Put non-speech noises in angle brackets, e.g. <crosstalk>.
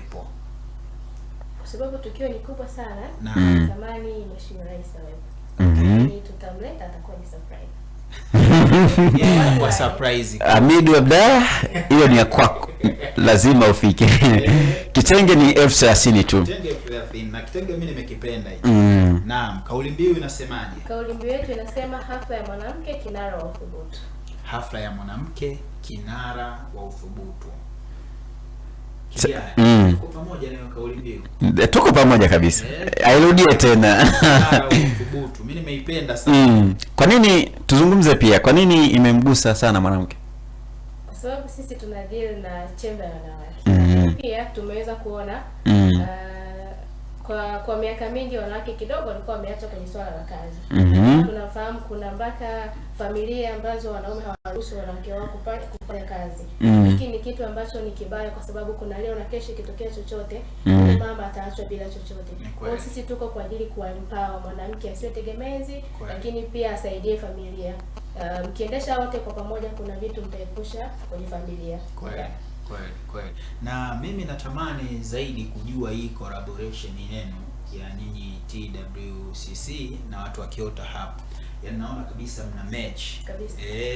kuwepo kwa sababu tukio ni kubwa sana na zamani mm. mheshimiwa rais awepo, mhm. tutamleta atakuwa ni surprise. Hamidu <laughs> Abdalla, hiyo ni ya kwako, lazima ufike. <laughs> Kitenge ni elfu thelathini tu. Mm. Naam, kauli mbiu inasemaje? Kauli mbiu yetu inasema hafla ya mwanamke kinara wa uthubutu. Hafla ya mwanamke kinara wa uthubutu yeah. mm. Tuko pamoja eh, kabisa yeah. Airudie tena ah, <laughs> mm. Kwa nini tuzungumze pia, kwa nini imemgusa sana mwanamke? Kwa sababu sisi tuna deal na chemba ya wanawake mm -hmm. Pia tumeweza kuona mm. uh, kwa kwa miaka mingi wanawake kidogo walikuwa wameacha kwenye swala la kazi. mm -hmm. Tunafahamu kuna mpaka familia ambazo wanaume hawaruhusu wanawake wao kupata kufanya kazi. mm -hmm. Hiki ni kitu ambacho ni kibaya, kwa sababu kuna leo na kesho ikitokea chochote mm -hmm. mama ataachwa bila chochote. Kwa sisi tuko kwa ajili kuwampower mwanamke asiwe tegemezi, lakini pia asaidie familia. Um, mkiendesha um, wote kwa pamoja, kuna vitu mtaepusha kwenye familia. Kweli kweli, na mimi natamani zaidi kujua hii collaboration yenu ya ninyi TWCC na watu wa Kyoto Hub, yaani naona kabisa mna match kabisa. E,